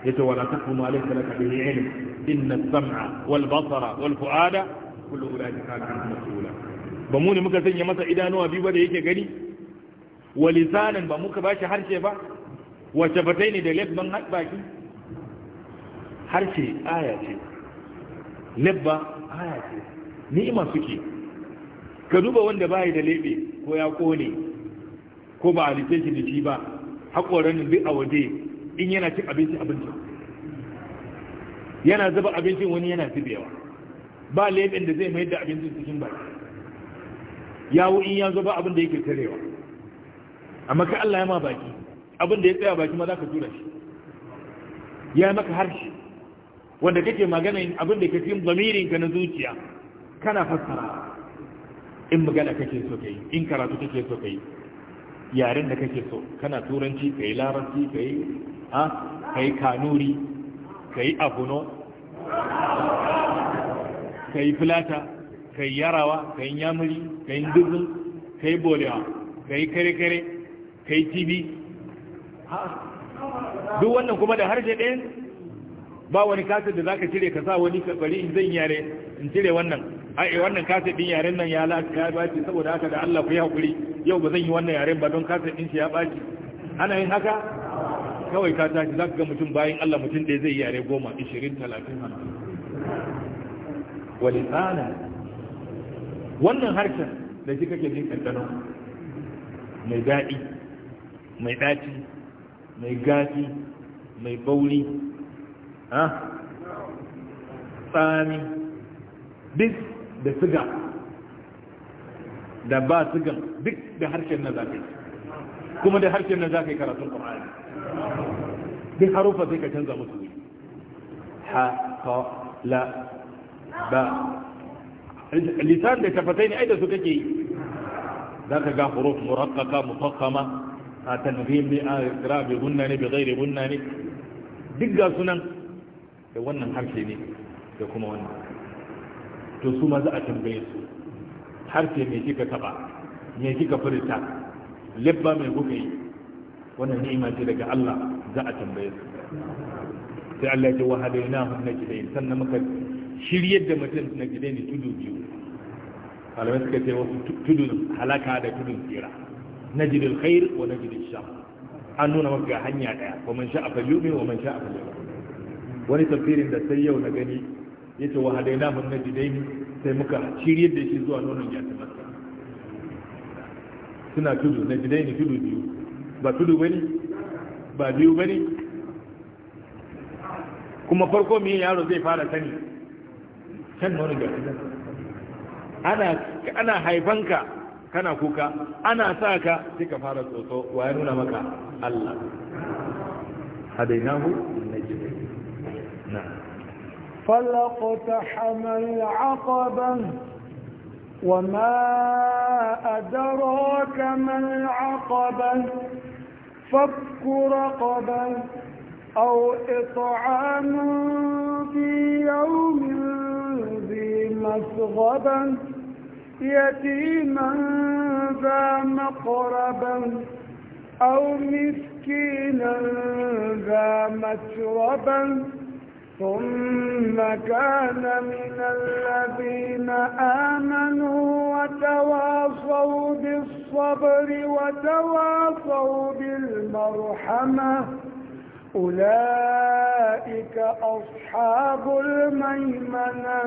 yace wala takunu alayka laka bihi ilm inna as-sam'a wal basara wal fu'ada kullu ulaika kana mas'ula ba mu ne muka sanya masa idanuwa biyu ba da yake gani wa lisanan ba muka bashi harshe ba wa ne da labban baki harshe aya ce labba aya ce ni'ima suke ka duba wanda bai da lebe ko ya kone ko ba a rike shi da shi ba haƙoran bi a waje in yana cin abinci abincin yana zuba abincin wani yana zubewa ba leben da zai mayar da abincin cikin baki yawo in ya zo ba abin da yake tarewa amma ka Allah ya ma baki abin da ya tsaya baki ma za ka tura shi ya maka harshe wanda kake maganin abin da kake yin zamirinka na zuciya kana fassara in magana kake so kai in karatu kake so kai yaren da kake so kana turanci kai larabci kai ha kai kanuri kai abuno kai filata kai yarawa kai yamuri kai dubu kai bolewa kai kare-kare kai tibi duk wannan kuma da harshe ɗayan ba wani kasar da za ka cire ka sa wani kafari in zan yare in cire wannan ai wannan kasa din yaren nan ya lati ya baci saboda haka da Allah ku yi hakuri yau ba zan yi wannan yaren ba don kasa din shi ya baci ana yin haka kawai ka tashi zaka ga mutum bayan Allah mutum da zai yi yare goma 20 30 walisana wannan harshen da shi kake jin kaddano mai daɗi mai ɗaci mai gafi mai bauri ha ah, tsami duk da siga da ba sigan duk da harshen na zafi kuma da harshen na zafi karatun ƙwararri duk harufa sai ka canza musu wuri ha fa la ba lisan da tafatai ne aida su kake yi za ka ga huruf murakkaka mutakkama a tanzim ne a kira gunna ne bi gaire gunna ne duk ga sunan da wannan harshe ne da kuma wannan to su ma za a tambaye su harshe mai kika taba mai kika furta libba mai kuka yi wannan ni'ima ce daga Allah za a tambaye su sai Allah ya wa na gidai sannan muka shiryar da mutum na gidai ne tudu biyu malamai suka ce wasu tudun halaka da tudun tsira na jidin khair wa na jidin sha an nuna maka hanya daya wa man sha a falyumi wa man sha a falyumi wani tafsirin da sai yau na gani yace wa hadaina mun dai sai muka shiryar da shi zuwa nonon ya ta tabbata suna tudu na ne tudu biyu ba tudu bane ba biyu bane kuma farko me yaro zai fara sani kan nonon ya ta ana ana haifanka kana kuka ana sa ka sai ka fara tsotso wa ya nuna maka Allah hadainahu dai فلا اقتحم عقبا وما أدراك من عقبا فك رقبا أو إطعام في يوم ذي مسغبا يتيما ذا مقربا أو مسكينا ذا مشربا ثم كان من الذين آمنوا وتواصوا بالصبر وتواصوا بالمرحمة أولئك أصحاب الميمنة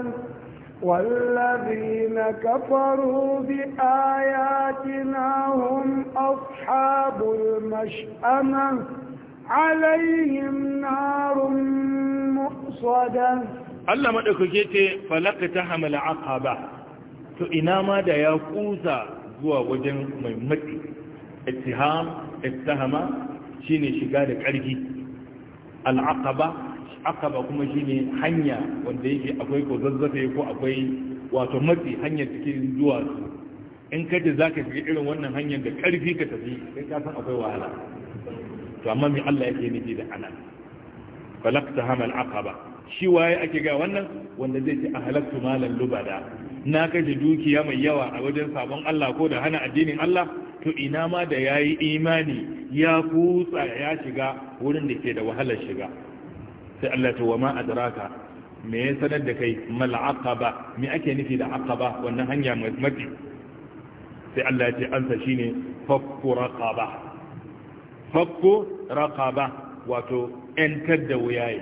والذين كفروا بآياتنا هم أصحاب المشأمة عليهم نار Allah maɗaukake ce falaka ta hamala ba to ina ma da ya kusa zuwa wajen mai matsi ittiham ittahama ne shiga da ƙarfi al'aqaba ba kuma shi ne hanya wanda yake akwai ko zazzafe ko akwai wato mati hanyar cikin zuwa su in ka ji ka shiga irin wannan hanyar da ƙarfi ka tafi sai ka akwai wahala to amma mai Allah yake nufi da anan falakta hamal aqaba shi waye ake ga wannan wanda zai ce ahalaktu malan lubada na kashe dukiya mai yawa a wajen sabon Allah ko da hana addinin Allah to ina ma da yayi imani ya kutsa ya shiga wurin da ke da wahalar shiga sai Allah ta wama adraka me ya sanar da kai mal aqaba me ake nufi da aqaba wannan hanya mafi sai Allah ya ce ansa shine fakku raqaba fakku raqaba wato 'yantar da wuyaye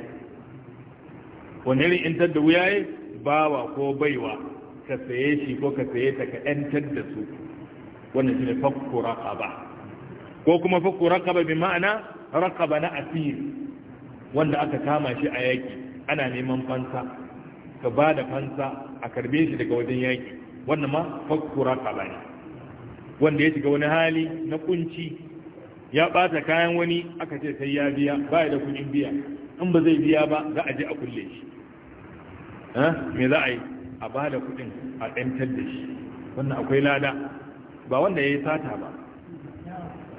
wani irin 'yantar da wuyaye bawa ko baiwa ka saye shi ko ka saye ta ka 'yantar da su wanda shi ne fakku raƙaba ko kuma fakku raƙaba bi ma'ana raƙaba na asir wanda aka kama shi a yaƙi ana neman fansa ka ba da fansa a karbe shi daga wajen yaƙi wanda ma fakku raƙaba ne wanda ya shiga wani hali na kunci ya bata kayan wani aka ce sai ya biya ba da kudin biya in ba zai biya ba za a je a kulle shi me za a yi a ba da kudin a ɗantar da shi wannan akwai lada ba wanda ya yi sata ba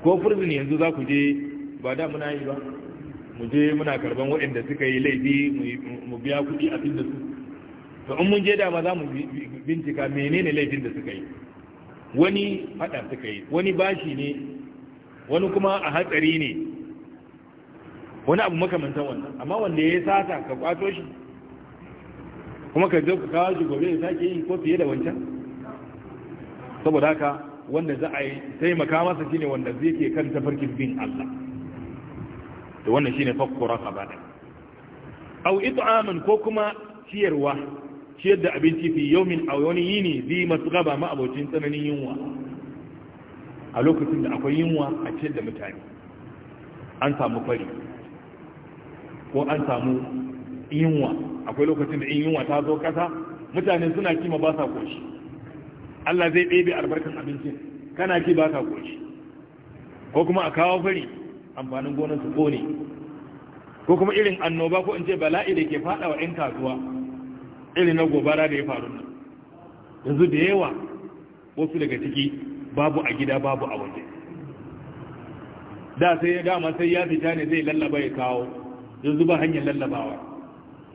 ko furzin yanzu za ku je ba da muna yi ba mu je muna karban waɗanda suka yi laifi mu biya kudi a fin da su to in mun je da ma za mu bincika menene laifin da suka yi wani faɗa suka yi wani bashi ne wani kuma a hatsari ne wani abu makamantar wannan amma wanda ya sata ka kwato shi kuma ka zo ka kawo shi gobe ya sake yi ko fiye da wancan saboda haka wanda za a yi taimaka shi shine wanda zai ke kan tafarkin bin Allah da wannan shine fakkura au ito amin ko kuma ciyarwa ciyar da abinci fi min a wani yini bi masu ma abocin tsananin yunwa a lokacin da akwai yunwa a ciyar da mutane an samu fari ko an samu yunwa akwai lokacin da in yunwa ta zo kasa mutane suna kima ba sa koshi Allah zai ɗebe albarkan abincin kana ki ba sa koshi ko kuma a kawo fari amfanin gonar su ne? ko kuma irin annoba ko in ce bala'i da ke fada wa 'yan kasuwa irin na gobara da ya faru nan yanzu da yawa wasu daga ciki babu a gida babu a waje da sai ya dama sai ya fita ne zai lallaba ya kawo yanzu ba hanyar lallabawa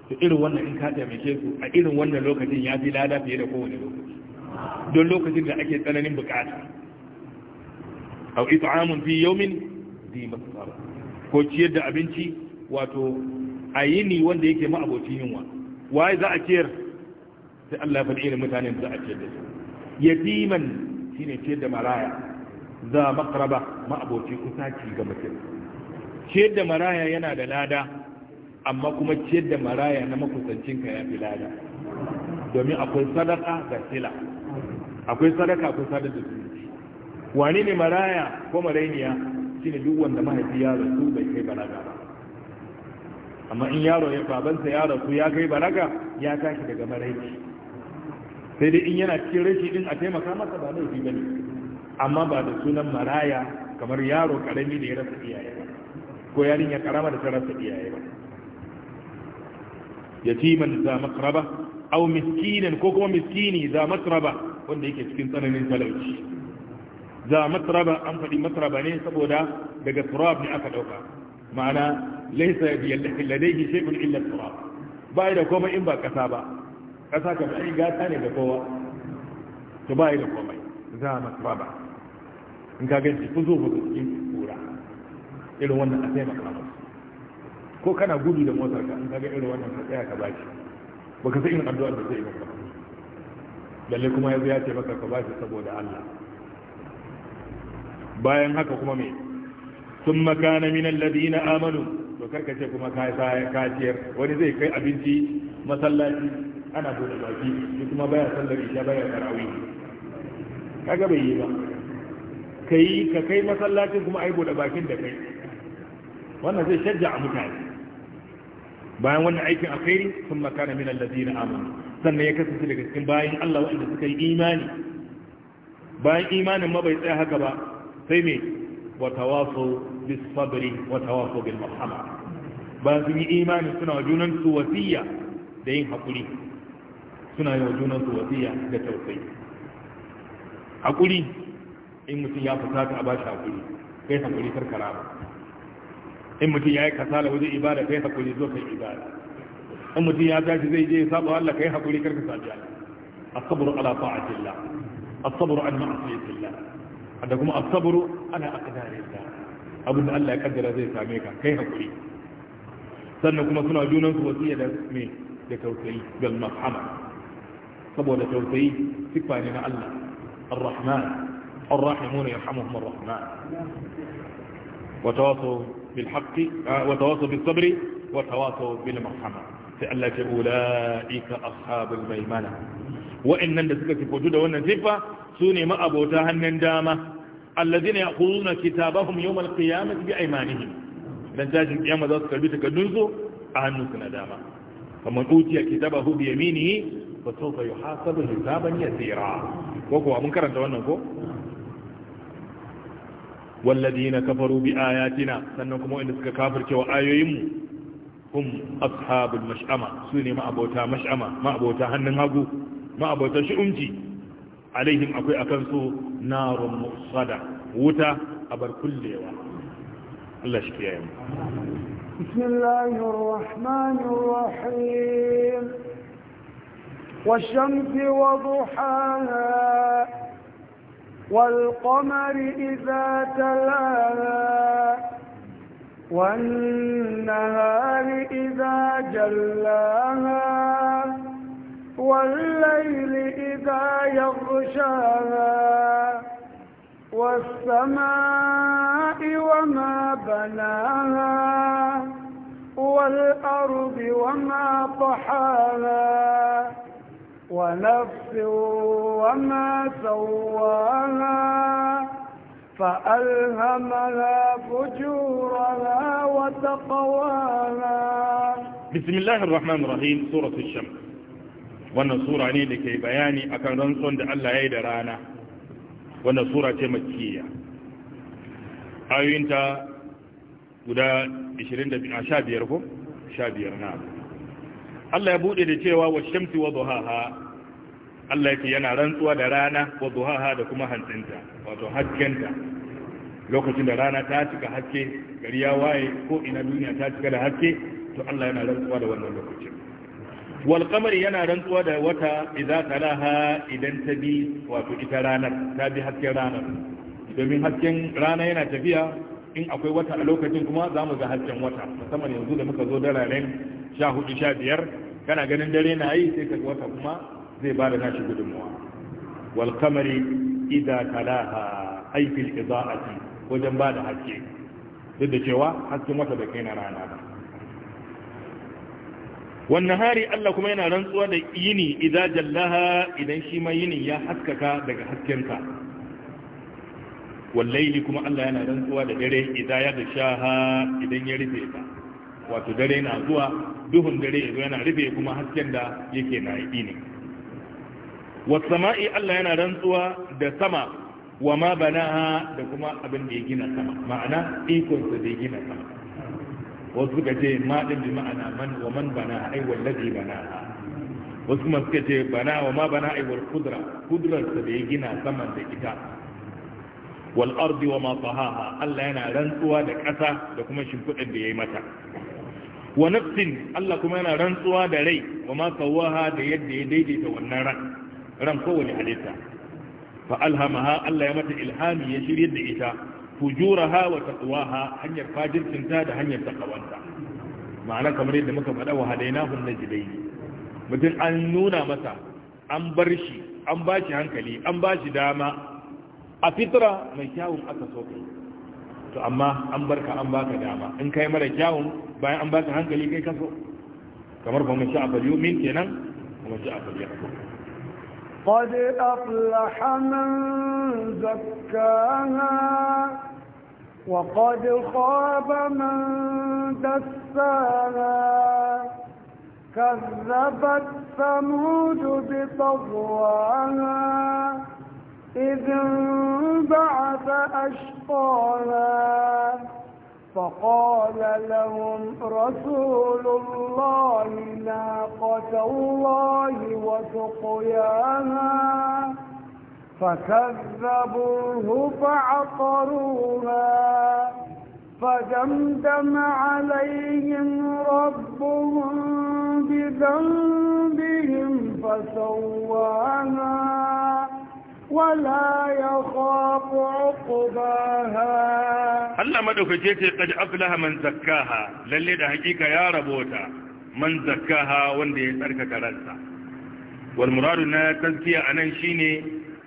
da irin wannan in ka taimake su a irin wannan lokacin ya fi lada fiye da kowane lokaci don lokacin da ake tsananin bukata au amun fi yi di masara ko ciyar da abinci wato a yini wanda yake ma yunwa waye za a ciyar sai Allah ya faɗi irin mutanen da za a ciyar da su yatiman shine ciyar da maraya za makaraba ma'aboci kusaci ga mutum ciyar da maraya yana da lada amma kuma ciyar da maraya na makusancinka ya fi lada domin akwai sadaka da sila akwai sadaka akwai sadaka da zuci wani ne maraya ko marainiya shine duk wanda mahaifi ya rasu bai kai balaga ba amma in yaro ya babansa ya rasu ya kai balaga ya tashi daga maraici sai dai in yana cikin rashi din a taimaka masa ba laifi bane amma ba da sunan maraya kamar yaro karami da ya rasa iyaye ba ko yarin ya karama da ta rasa iyaye ba yatiman za makraba au miskinan ko kuma miskini za matraba wanda yake cikin tsananin talauci za matraba an faɗi matraba ne saboda daga turab ne aka ɗauka ma'ana laisa biyallafin ladaihi shay'un illa turab ba da komai in ba kasa ba ƙasa ka shi gata ne ga kowa to ba yi da komai za a masu baba in ka gaji ku zo ku cikin kura irin wannan a taimaka masu ko kana gudu da motar ka in ka ga irin wannan ka tsaya ka baki baka san irin addu'ar da zai yi ba lalle kuma yanzu ya ce maka ka shi saboda Allah bayan haka kuma me sun makana min alladina amanu to karka ce kuma ka ciyar wani zai kai abinci masallaci ana bude baki shi kuma baya sallar isha baya tarawih kaga bai yi ba kai ka kai masallacin kuma ai bude bakin da kai wannan zai shajja a mutane bayan wannan aikin a alkhairi sun makana min allazina amanu sannan ya kasance daga cikin bayan Allah wanda suka yi imani bayan imanin ma bai tsaya haka ba sai me wa tawafu bis sabri wa tawafu bil marhama bayan sun yi imani suna wa junan su wasiya da yin haƙuri. suna yi wa junansu wasiya da tausayi hakuri in mutum ya fusata a ba shi hakuri kai hakuri karkara ba in mutum ya yi kasala wajen ibada kai hakuri zo kai ibada in mutum ya tashi zai je sabo Allah kai hakuri karka sabiya Allah as-sabru ala ta'atillah as-sabru an ma'asiyatillah da kuma as-sabru ala aqdarillah abinda Allah ya kaddara zai same ka kai hakuri sannan kuma suna junan su wasiya da me da tausayi ga marhama saboda tausayi sifa ne na Allah ar-rahman ar-rahimuna yarhamuhum ar-rahman wa tawasaw bil haqqi wa tawasaw bis sabri wa tawasaw bil marhama fa Allah ce ulaika ashabul wa wa'annan da suka tafi da wannan sifa su ne abota hannun dama alladhina yaquluna kitabahum yawm al-qiyamati bi aymanihim dan tajin kiyama za su karbi takaddun su a hannun su na dama kamar utiya kitabahu bi yaminihi fa sawfa yuhasabu hisaban tsira. ko kuwa mun karanta wannan ko walladina kafaru bi ayatina sannan kuma inda suka kafirce wa ayoyinmu hum ashabul mash'ama su ne ma'abota mash'ama ma'abota hannun hagu ma'abota shi'umci alaihim akwai akan su narun musada wuta abar kullewa Allah shi kiyaye mu بسم الله الرحمن الرحيم والشمس وضحاها والقمر إذا تلاها والنهار إذا جلاها والليل إذا يغشاها والسماء وما بناها والأرض وما طحاها ونفس وما سواها فألهمها فجورها وتقواها بسم الله الرحمن الرحيم سورة الشمس وانا سورة عني لكي بياني اكان رنصون دي الله يدى رانا وانا سورة مكية أي انت ودا اشرين دي اشابير آه، فو اشابير نعم. Allah ya bude da cewa wa shamsi wa duhaha Allah yake yana rantsuwa da rana wa duhaha da kuma hantsinta wato haskenta lokacin da rana ta cika haske gari ya waye ko ina duniya ta cika da haske to Allah yana rantsuwa da wannan lokacin wal qamari yana rantsuwa da wata idza talaha idan ta bi wato ita ranar ta bi hasken ranar domin hasken rana yana tafiya in akwai wata a lokacin kuma za mu ga hasken wata musamman yanzu da muka zo dararen sha hudu sha biyar kana ganin dare na yi sai ka wata kuma zai ba da nashi gudunmuwa wal kamari idza talaha ay fil ci wajen ba da haske duk da cewa hasken wata da kai na rana ba wannan hari Allah kuma yana rantsuwa da yini idan jallaha idan shi ma yinin ya haskaka daga haskenka wallaili kuma Allah yana rantsuwa da dare idan ya dashaha idan ya rufe ta wato dare na zuwa duhun dare ya zo yana rufe kuma hasken da yake na yi ne sama'i Allah yana rantsuwa da sama wa ma bana da kuma abin da ya gina sama ma'ana ikonsa da ya gina sama wasu suka ce ma din bi ma'ana man wa man banaha ai wallazi bana. wasu kuma suka ce bana wa ma bana aiwar kudura kudurarsa da ya gina saman da ita wal ardi wa ma fahaha Allah yana rantsuwa da ƙasa da kuma shimfiɗar da ya yi mata wa nafsin Allah kuma yana rantsuwa da rai wa ma da yadda ya daidaita wannan ran ran kowane halitta fa alhamaha Allah ya mata ilhami ya shirye da ita fujuraha wa taqwaha hanyar fajircinta da hanyar takawanta ma'ana kamar yadda muka faɗa wa hadainahun najdai mutum an nuna masa an bar shi an ba shi hankali an ba shi dama a fitra mai kyawun aka so kai to amma an barka an baka dama in kai mara kyawun bayan an baka hankali kai kaso kamar ba mun sha'a bal yu'min kenan kuma sha'a ya kaso qad aflaha man zakkaha wa وقد خاب من دساها كذبت ثمود بطغواها إذ انبعث أشقاها فقال لهم رسول الله ناقة الله وسقياها فكذبوه فعقروها فدمدم عليهم ربهم بذنبهم فسواها ولا يخاف Allah الله مدوكتي ce kad aflaha man zakkaha lalle da hakika ya rabota man zakkaha wanda ya tsarkaka ransa wal taskiya a nan anan shine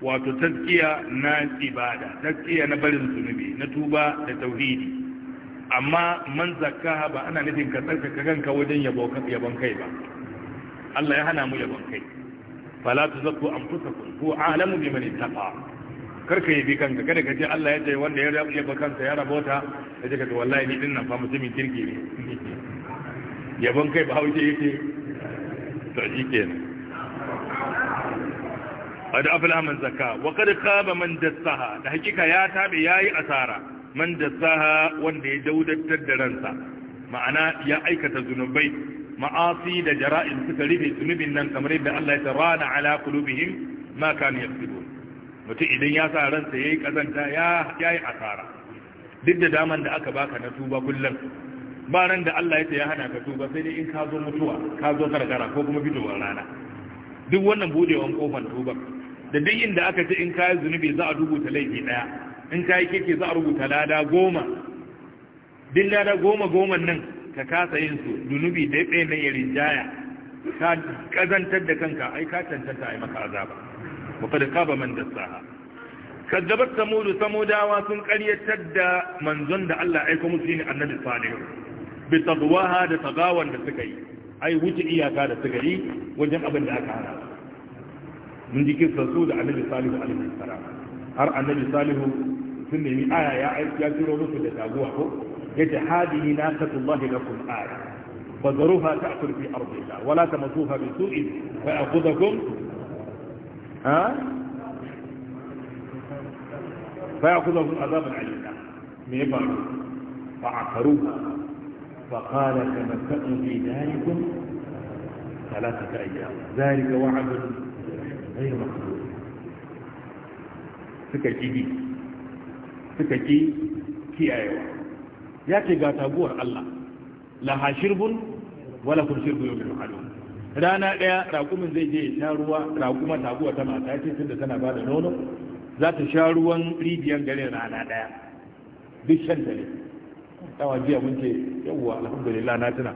wato taskiya na ibada taskiya na barin zunubi na tuba da tauhidi amma man zakkaha ba ana nufin ka tsarkaka kanka wajen yabon kai ba Allah ya hana mu yabon kai fala tuzakku anfusakum huwa a'lamu biman ittaqa karka yi bi ka, kada ka Allah ya ce wanda ya rabu yaba kansa ya rabota ya ce ka wallahi ni din nan fa mutumin kirki ne yabon kai ba hauce yake to shi kenan qad aflaha man zakka wa qad man dassaha da hakika ya tabe yayi asara man dassaha wanda ya daudatar da ransa ma'ana ya aikata zunubai ma'asi da jara'in suka rufe zunubin nan kamar yadda Allah ya tarana ala qulubihim ma kanu yaktubun mutum idan ya sa ransa yayi kazanta ya yayi asara duk da daman da aka baka na tuba kullum ba ran da Allah ya ce ya hana ka tuba sai dai in ka zo mutuwa ka zo karkara ko kuma fitowar rana duk wannan budewan kofar tuba da duk inda aka ce in kayi zunubi za a rubuta laifi daya in kayi kike za a rubuta lada goma din lada goma goman nan ka kasa yin su dunubi dai ɗaya na irin jaya ka kazantar da kanka ai ka cancanta ai maka azaba wa qad ba man dassaha kadzabat samud samudawa sun ƙaryatar da manzon da Allah aika musu ne annabi salihu bi tadwaha da tagawan da suka yi ai wuce iyaka da suka yi wajen abin da aka hana mun ji kisa su da annabi salihu alaihi salam har annabi salihu sun nemi aya ya aiki ya turo musu da taguwa ko يجي هذه ناقة الله لكم آية فذروها تأكل في أرض الله ولا تمسوها بسوء فيأخذكم ها فيأخذهم عذابا من ميبر فعقروها فقال تمتعوا في داركم ثلاثة أيام ذلك وعد غير مقبول سكتي سكتي كي أيوة ya ce ga taguwar Allah la hashirbun wala kun shirbu yau bin hadu rana ɗaya raƙumin zai je ya sha ruwa raƙuma taguwa ta mata ce tunda tana ba da nono za ta sha ruwan ribiyan gare rana ɗaya duk shan ta ne tawa jiya mun ce yawwa alhamdulillah na tuna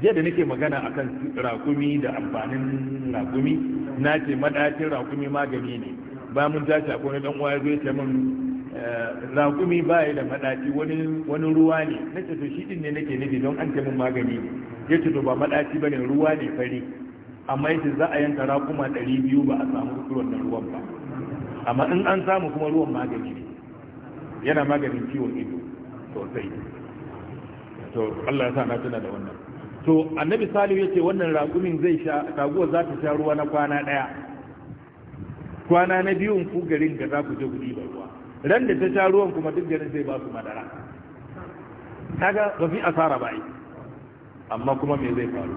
jiya da nake magana akan raƙumi da amfanin raƙumi na ce madacin raƙumi magani ne ba mun tashi akwai wani ɗan uwa ya zo ya ce mun raƙumi ba da maɗaci wani ruwa ne na ce to shi ɗin ne nake nufi don an taimun magani ne ya ce to ba maɗaci ba ne ruwa ne fari amma yace za a yanka raguma ɗari biyu ba a samu ruwan da ruwan ba amma in an samu kuma ruwan magani ne yana maganin ciwon ido sosai to Allah ya sa na tuna da wannan to annabi salihu yace wannan raƙumin zai sha raguwar za ta sha ruwa na kwana ɗaya kwana na biyun ku garin ga za ku je ku ɗiba ruwa ran da ta sha ruwan kuma duk da zai ba su madara kaga ba fi asara ba amma kuma me zai faru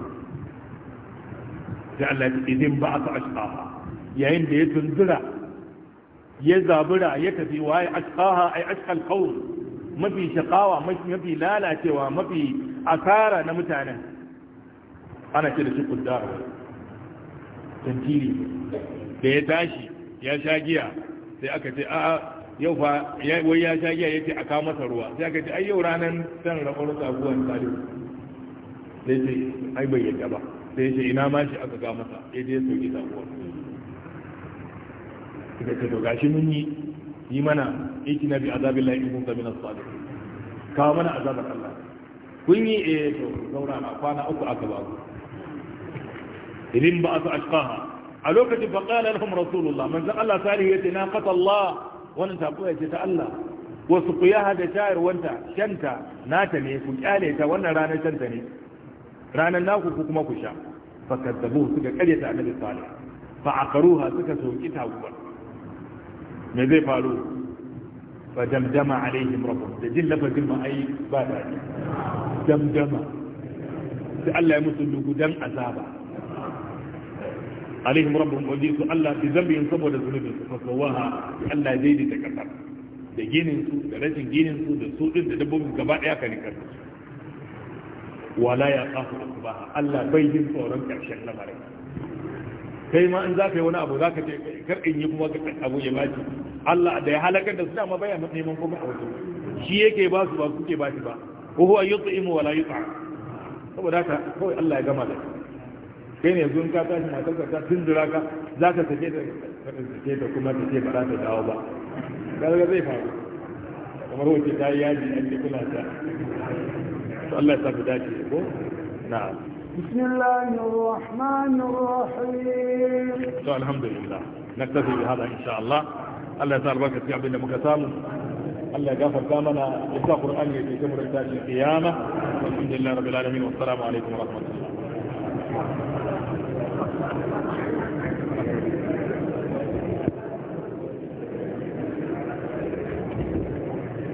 sai Allah ya idin ba aka ashqaha yayin da ya tunzura ya zabura ya tafi waye ashqaha ai ashqal qawm mafi shaqawa mafi lalacewa mafi asara na mutanen ana ce da shi kuddar tantiri da ya tashi ya sha giya sai aka ce a'a yau fa wai ya sha giya yace a kawo masa ruwa sai aka ce ai yau ranan san rakwaro sabuwan salihu sai ce ai bai yadda ba sai ya ce ina ma shi aka ga masa sai dai ya sauki sabuwa suka ce to gashi mun yi yi mana iki na bi azabin lahi kun ga minas sadiq kawo mana azabar Allah kun yi eh to zaura na kwana uku aka ba ku irin ba su ashqaha a lokacin fa qala lahum rasulullah manzo Allah salihu yace na qata Allah wannan takuya ce ta Allah wasu ku yaha da shayarwanta shanta nata ne ku kyale ta wannan ranar shanta ne ranar naku ku kuma ku sha fa kazzabu suka kare ta annabi salih fa akaruha suka soki takuwa me zai faru fa damdama alaihim rabbuhum da jin lafazin ma ai ba dadi damdama sai Allah ya musu lugudan azaba alaihim rabbuhum wajisu Allah bi zambihim saboda zunubin su fasawaha Allah zai da kasar da ginin su da rashin ginin su da su din da dabbobin gaba daya ka rikar wala ya qafu asbaha Allah bai jin tsoron karshen lamarin kai ma in zaka yi wani abu zaka ce kar in yi kuma ka abu ya baci Allah da ya halakar da su dama baya neman komai a wajen shi yake ba su ba kuke ba shi ba ko huwa yut'imu wala yut'am saboda haka kawai Allah ya gama da shi kai ne yanzu ka tashi matar ka ta tundura ka za ka take ta take ta kuma take ba za ta dawo ba kaga zai faru kamar wacce ta yaji an ji ta to Allah ya sa dace ko na'am بسم الله الرحمن الرحيم الحمد لله نكتفي بهذا إن شاء الله الله يسأل بركة في عبدنا مكسام الله يغفر كامنا يسأل قرآن يتكمل التاج القيامة والحمد لله رب العالمين والسلام عليكم ورحمة الله